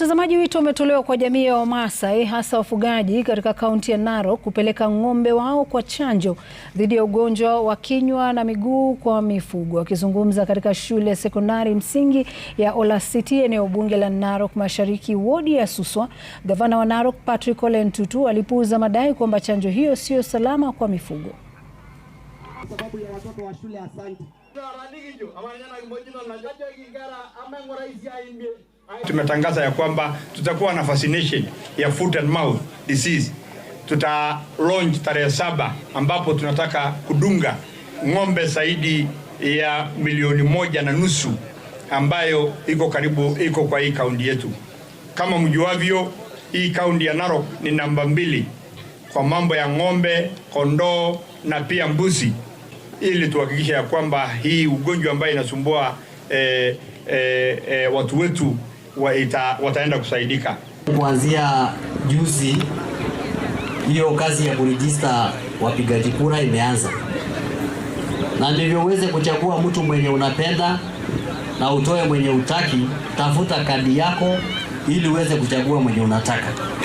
Mtazamaji, wito umetolewa kwa jamii ya Wamaasai hasa wafugaji katika kaunti ya Narok kupeleka ng'ombe wao kwa chanjo dhidi ya ugonjwa wa kinywa na miguu kwa mifugo. Akizungumza katika shule sekondari msingi ya Olasiti, eneo bunge la Narok Mashariki, wodi ya Suswa, gavana wa Narok Patrick Ole Ntutu alipuuza madai kwamba chanjo hiyo siyo salama kwa mifugo. Kwa sababu ya watoto wa shule, asante. Tumetangaza ya kwamba tutakuwa na vaccination ya foot and mouth disease, tuta launch tarehe saba ambapo tunataka kudunga ng'ombe zaidi ya milioni moja na nusu ambayo iko karibu iko kwa hii kaunti yetu. Kama mjuavyo, hii kaunti ya Narok ni namba mbili kwa mambo ya ng'ombe, kondoo na pia mbuzi ili tuhakikisha ya kwamba hii ugonjwa ambayo inasumbua eh, eh, eh, watu wetu wa ita, wataenda kusaidika. Kuanzia juzi, hiyo kazi ya kurejista wapigaji kura imeanza, na ndivyo uweze kuchagua mtu mwenye unapenda na utoe mwenye utaki. Tafuta kadi yako ili uweze kuchagua mwenye unataka.